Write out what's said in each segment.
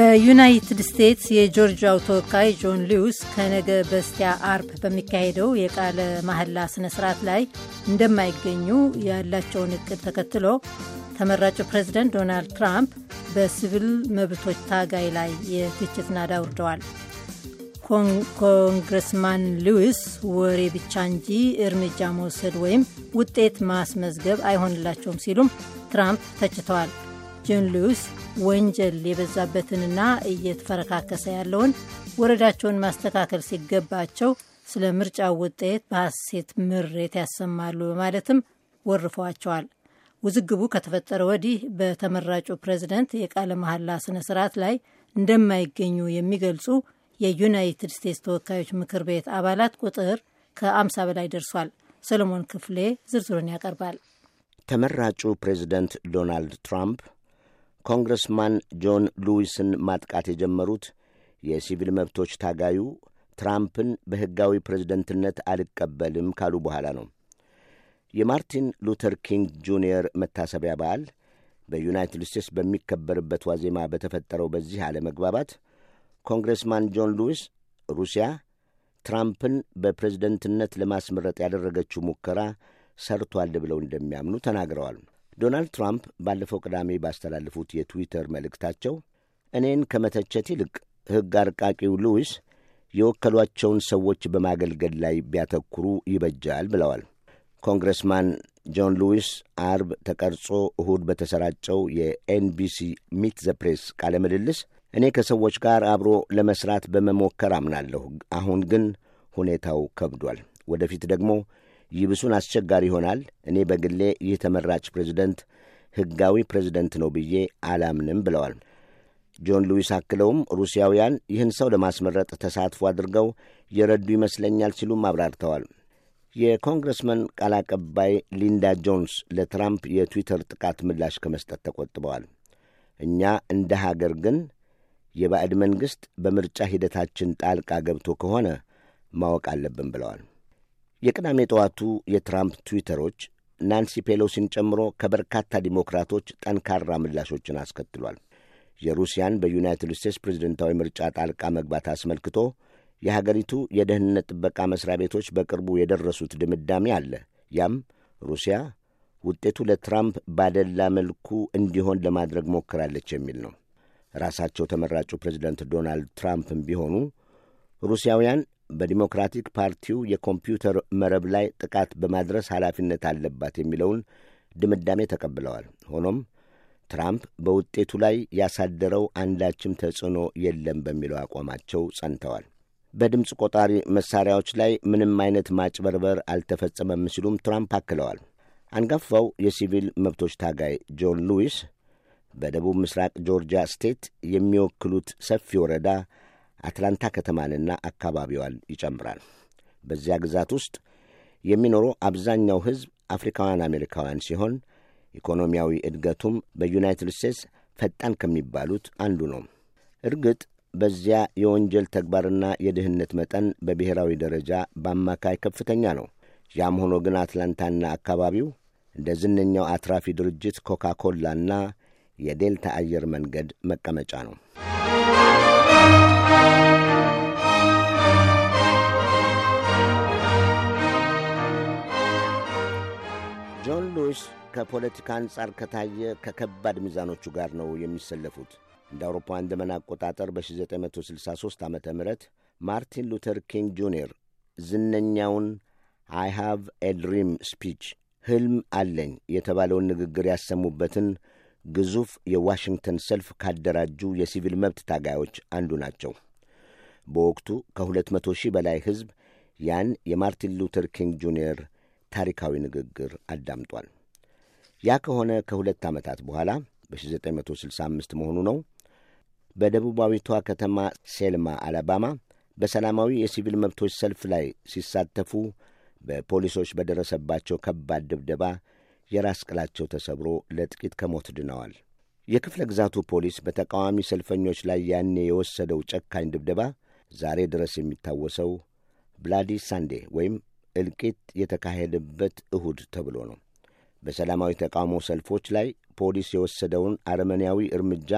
በዩናይትድ ስቴትስ የጆርጂያው ተወካይ ጆን ሊውስ ከነገ በስቲያ አርብ በሚካሄደው የቃለ ማህላ ስነ ስርዓት ላይ እንደማይገኙ ያላቸውን እቅድ ተከትሎ ተመራጩ ፕሬዚደንት ዶናልድ ትራምፕ በሲቪል መብቶች ታጋይ ላይ የትችት ናዳ አውርደዋል። ኮንግረስማን ሊውስ ወሬ ብቻ እንጂ እርምጃ መውሰድ ወይም ውጤት ማስመዝገብ አይሆንላቸውም ሲሉም ትራምፕ ተችተዋል። ጆን ሊውስ ወንጀል የበዛበትንና እየተፈረካከሰ ያለውን ወረዳቸውን ማስተካከል ሲገባቸው ስለ ምርጫ ውጤት በሐሴት ምሬት ያሰማሉ በማለትም ወርፈዋቸዋል። ውዝግቡ ከተፈጠረ ወዲህ በተመራጩ ፕሬዝደንት የቃለ መሐላ ስነ ስርዓት ላይ እንደማይገኙ የሚገልጹ የዩናይትድ ስቴትስ ተወካዮች ምክር ቤት አባላት ቁጥር ከአምሳ በላይ ደርሷል። ሰለሞን ክፍሌ ዝርዝሩን ያቀርባል። ተመራጩ ፕሬዝደንት ዶናልድ ትራምፕ ኮንግረስማን ጆን ሉዊስን ማጥቃት የጀመሩት የሲቪል መብቶች ታጋዩ ትራምፕን በሕጋዊ ፕሬዝደንትነት አልቀበልም ካሉ በኋላ ነው። የማርቲን ሉተር ኪንግ ጁኒየር መታሰቢያ በዓል በዩናይትድ ስቴትስ በሚከበርበት ዋዜማ በተፈጠረው በዚህ አለመግባባት ኮንግረስማን ጆን ሉዊስ ሩሲያ ትራምፕን በፕሬዝደንትነት ለማስመረጥ ያደረገችው ሙከራ ሰርቷል ብለው እንደሚያምኑ ተናግረዋል። ዶናልድ ትራምፕ ባለፈው ቅዳሜ ባስተላለፉት የትዊተር መልእክታቸው እኔን ከመተቸት ይልቅ ሕግ አርቃቂው ሉዊስ የወከሏቸውን ሰዎች በማገልገል ላይ ቢያተኩሩ ይበጃል ብለዋል። ኮንግረስማን ጆን ሉዊስ አርብ ተቀርጾ እሁድ በተሰራጨው የኤንቢሲ ሚት ዘ ፕሬስ ቃለ ምልልስ እኔ ከሰዎች ጋር አብሮ ለመስራት በመሞከር አምናለሁ፣ አሁን ግን ሁኔታው ከብዷል፣ ወደፊት ደግሞ ይብሱን አስቸጋሪ ይሆናል። እኔ በግሌ ይህ ተመራጭ ፕሬዚደንት ሕጋዊ ፕሬዚደንት ነው ብዬ አላምንም ብለዋል። ጆን ሉዊስ አክለውም ሩሲያውያን ይህን ሰው ለማስመረጥ ተሳትፎ አድርገው የረዱ ይመስለኛል ሲሉም አብራርተዋል። የኮንግረስመን ቃል አቀባይ ሊንዳ ጆንስ ለትራምፕ የትዊተር ጥቃት ምላሽ ከመስጠት ተቆጥበዋል። እኛ እንደ ሀገር ግን የባዕድ መንግሥት በምርጫ ሂደታችን ጣልቃ ገብቶ ከሆነ ማወቅ አለብን ብለዋል። የቅዳሜ ጠዋቱ የትራምፕ ትዊተሮች ናንሲ ፔሎሲን ጨምሮ ከበርካታ ዲሞክራቶች ጠንካራ ምላሾችን አስከትሏል። የሩሲያን በዩናይትድ ስቴትስ ፕሬዝደንታዊ ምርጫ ጣልቃ መግባት አስመልክቶ የሀገሪቱ የደህንነት ጥበቃ መስሪያ ቤቶች በቅርቡ የደረሱት ድምዳሜ አለ። ያም ሩሲያ ውጤቱ ለትራምፕ ባደላ መልኩ እንዲሆን ለማድረግ ሞክራለች የሚል ነው። ራሳቸው ተመራጩ ፕሬዝደንት ዶናልድ ትራምፕም ቢሆኑ ሩሲያውያን በዲሞክራቲክ ፓርቲው የኮምፒውተር መረብ ላይ ጥቃት በማድረስ ኃላፊነት አለባት የሚለውን ድምዳሜ ተቀብለዋል። ሆኖም ትራምፕ በውጤቱ ላይ ያሳደረው አንዳችም ተጽዕኖ የለም በሚለው አቋማቸው ጸንተዋል። በድምፅ ቆጣሪ መሳሪያዎች ላይ ምንም አይነት ማጭበርበር አልተፈጸመም ሲሉም ትራምፕ አክለዋል። አንጋፋው የሲቪል መብቶች ታጋይ ጆን ሉዊስ በደቡብ ምስራቅ ጆርጂያ ስቴት የሚወክሉት ሰፊ ወረዳ አትላንታ ከተማንና አካባቢዋን ይጨምራል። በዚያ ግዛት ውስጥ የሚኖሩ አብዛኛው ሕዝብ አፍሪካውያን አሜሪካውያን ሲሆን ኢኮኖሚያዊ እድገቱም በዩናይትድ ስቴትስ ፈጣን ከሚባሉት አንዱ ነው። እርግጥ በዚያ የወንጀል ተግባርና የድህነት መጠን በብሔራዊ ደረጃ በአማካይ ከፍተኛ ነው። ያም ሆኖ ግን አትላንታና አካባቢው እንደ ዝነኛው አትራፊ ድርጅት ኮካ ኮላና የዴልታ አየር መንገድ መቀመጫ ነው። ከፖለቲካ አንጻር ከታየ ከከባድ ሚዛኖቹ ጋር ነው የሚሰለፉት። እንደ አውሮፓውያን ዘመን አቆጣጠር በ1963 ዓ ም ማርቲን ሉተር ኪንግ ጁኒየር ዝነኛውን አይ ሃቭ ኤ ድሪም ስፒች ህልም አለኝ የተባለውን ንግግር ያሰሙበትን ግዙፍ የዋሽንግተን ሰልፍ ካደራጁ የሲቪል መብት ታጋዮች አንዱ ናቸው። በወቅቱ ከ200 ሺህ በላይ ሕዝብ ያን የማርቲን ሉተር ኪንግ ጁኒየር ታሪካዊ ንግግር አዳምጧል። ያ ከሆነ ከሁለት ዓመታት በኋላ በ1965 መሆኑ ነው። በደቡባዊቷ ከተማ ሴልማ አላባማ በሰላማዊ የሲቪል መብቶች ሰልፍ ላይ ሲሳተፉ በፖሊሶች በደረሰባቸው ከባድ ድብደባ የራስ ቅላቸው ተሰብሮ ለጥቂት ከሞት ድነዋል። የክፍለ ግዛቱ ፖሊስ በተቃዋሚ ሰልፈኞች ላይ ያኔ የወሰደው ጨካኝ ድብደባ ዛሬ ድረስ የሚታወሰው ብላዲ ሳንዴ ወይም እልቂት የተካሄደበት እሁድ ተብሎ ነው። በሰላማዊ ተቃውሞ ሰልፎች ላይ ፖሊስ የወሰደውን አረመኔያዊ እርምጃ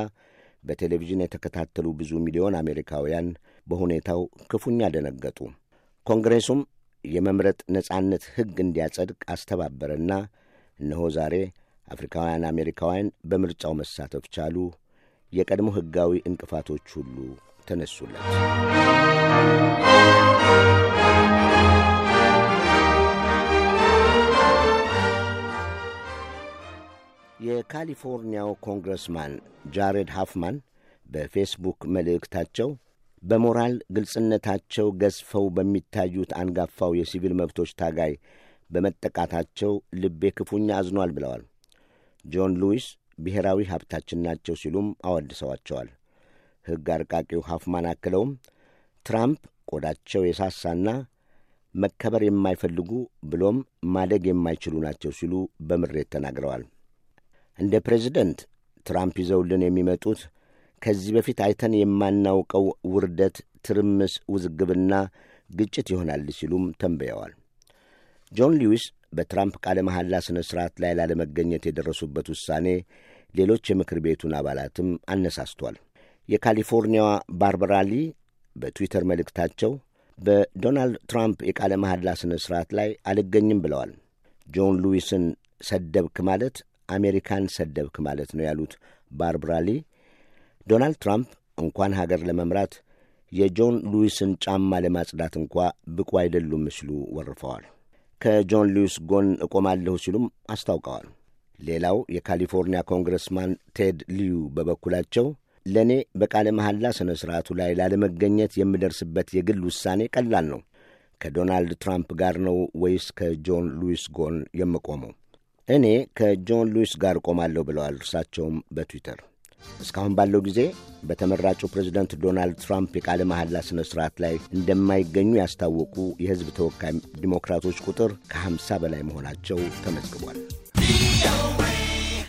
በቴሌቪዥን የተከታተሉ ብዙ ሚሊዮን አሜሪካውያን በሁኔታው ክፉኛ ደነገጡ። ኮንግሬሱም የመምረጥ ነጻነት ሕግ እንዲያጸድቅ አስተባበረና እነሆ ዛሬ አፍሪካውያን አሜሪካውያን በምርጫው መሳተፍ ቻሉ። የቀድሞ ሕጋዊ እንቅፋቶች ሁሉ ተነሱለት። የካሊፎርኒያው ኮንግረስማን ጃሬድ ሃፍማን በፌስቡክ መልእክታቸው በሞራል ግልጽነታቸው ገዝፈው በሚታዩት አንጋፋው የሲቪል መብቶች ታጋይ በመጠቃታቸው ልቤ ክፉኛ አዝኗል ብለዋል። ጆን ሉዊስ ብሔራዊ ሀብታችን ናቸው ሲሉም አወድሰዋቸዋል። ሕግ አርቃቂው ሃፍማን አክለውም ትራምፕ ቆዳቸው የሳሳና መከበር የማይፈልጉ ብሎም ማደግ የማይችሉ ናቸው ሲሉ በምሬት ተናግረዋል። እንደ ፕሬዚደንት ትራምፕ ይዘውልን የሚመጡት ከዚህ በፊት አይተን የማናውቀው ውርደት፣ ትርምስ፣ ውዝግብና ግጭት ይሆናል ሲሉም ተንብየዋል። ጆን ሊዊስ በትራምፕ ቃለ መሐላ ሥነ ሥርዓት ላይ ላለመገኘት የደረሱበት ውሳኔ ሌሎች የምክር ቤቱን አባላትም አነሳስቷል። የካሊፎርኒያዋ ባርበራ ሊ በትዊተር መልእክታቸው በዶናልድ ትራምፕ የቃለ መሐላ ሥነ ሥርዓት ላይ አልገኝም ብለዋል። ጆን ሉዊስን ሰደብክ ማለት አሜሪካን ሰደብክ ማለት ነው ያሉት ባርብራ ሊ ዶናልድ ትራምፕ እንኳን ሀገር ለመምራት የጆን ሉዊስን ጫማ ለማጽዳት እንኳ ብቁ አይደሉም ሲሉ ወርፈዋል። ከጆን ሉዊስ ጎን እቆማለሁ ሲሉም አስታውቀዋል። ሌላው የካሊፎርኒያ ኮንግረስማን ቴድ ልዩ በበኩላቸው ለእኔ በቃለ መሐላ ሥነ ሥርዓቱ ላይ ላለመገኘት የምደርስበት የግል ውሳኔ ቀላል ነው። ከዶናልድ ትራምፕ ጋር ነው ወይስ ከጆን ሉዊስ ጎን የምቆመው? እኔ ከጆን ሉዊስ ጋር ቆማለሁ ብለዋል። እርሳቸውም በትዊተር እስካሁን ባለው ጊዜ በተመራጩ ፕሬዚደንት ዶናልድ ትራምፕ የቃለ መሐላ ሥነ ሥርዓት ላይ እንደማይገኙ ያስታወቁ የሕዝብ ተወካይ ዲሞክራቶች ቁጥር ከ50 በላይ መሆናቸው ተመዝግቧል።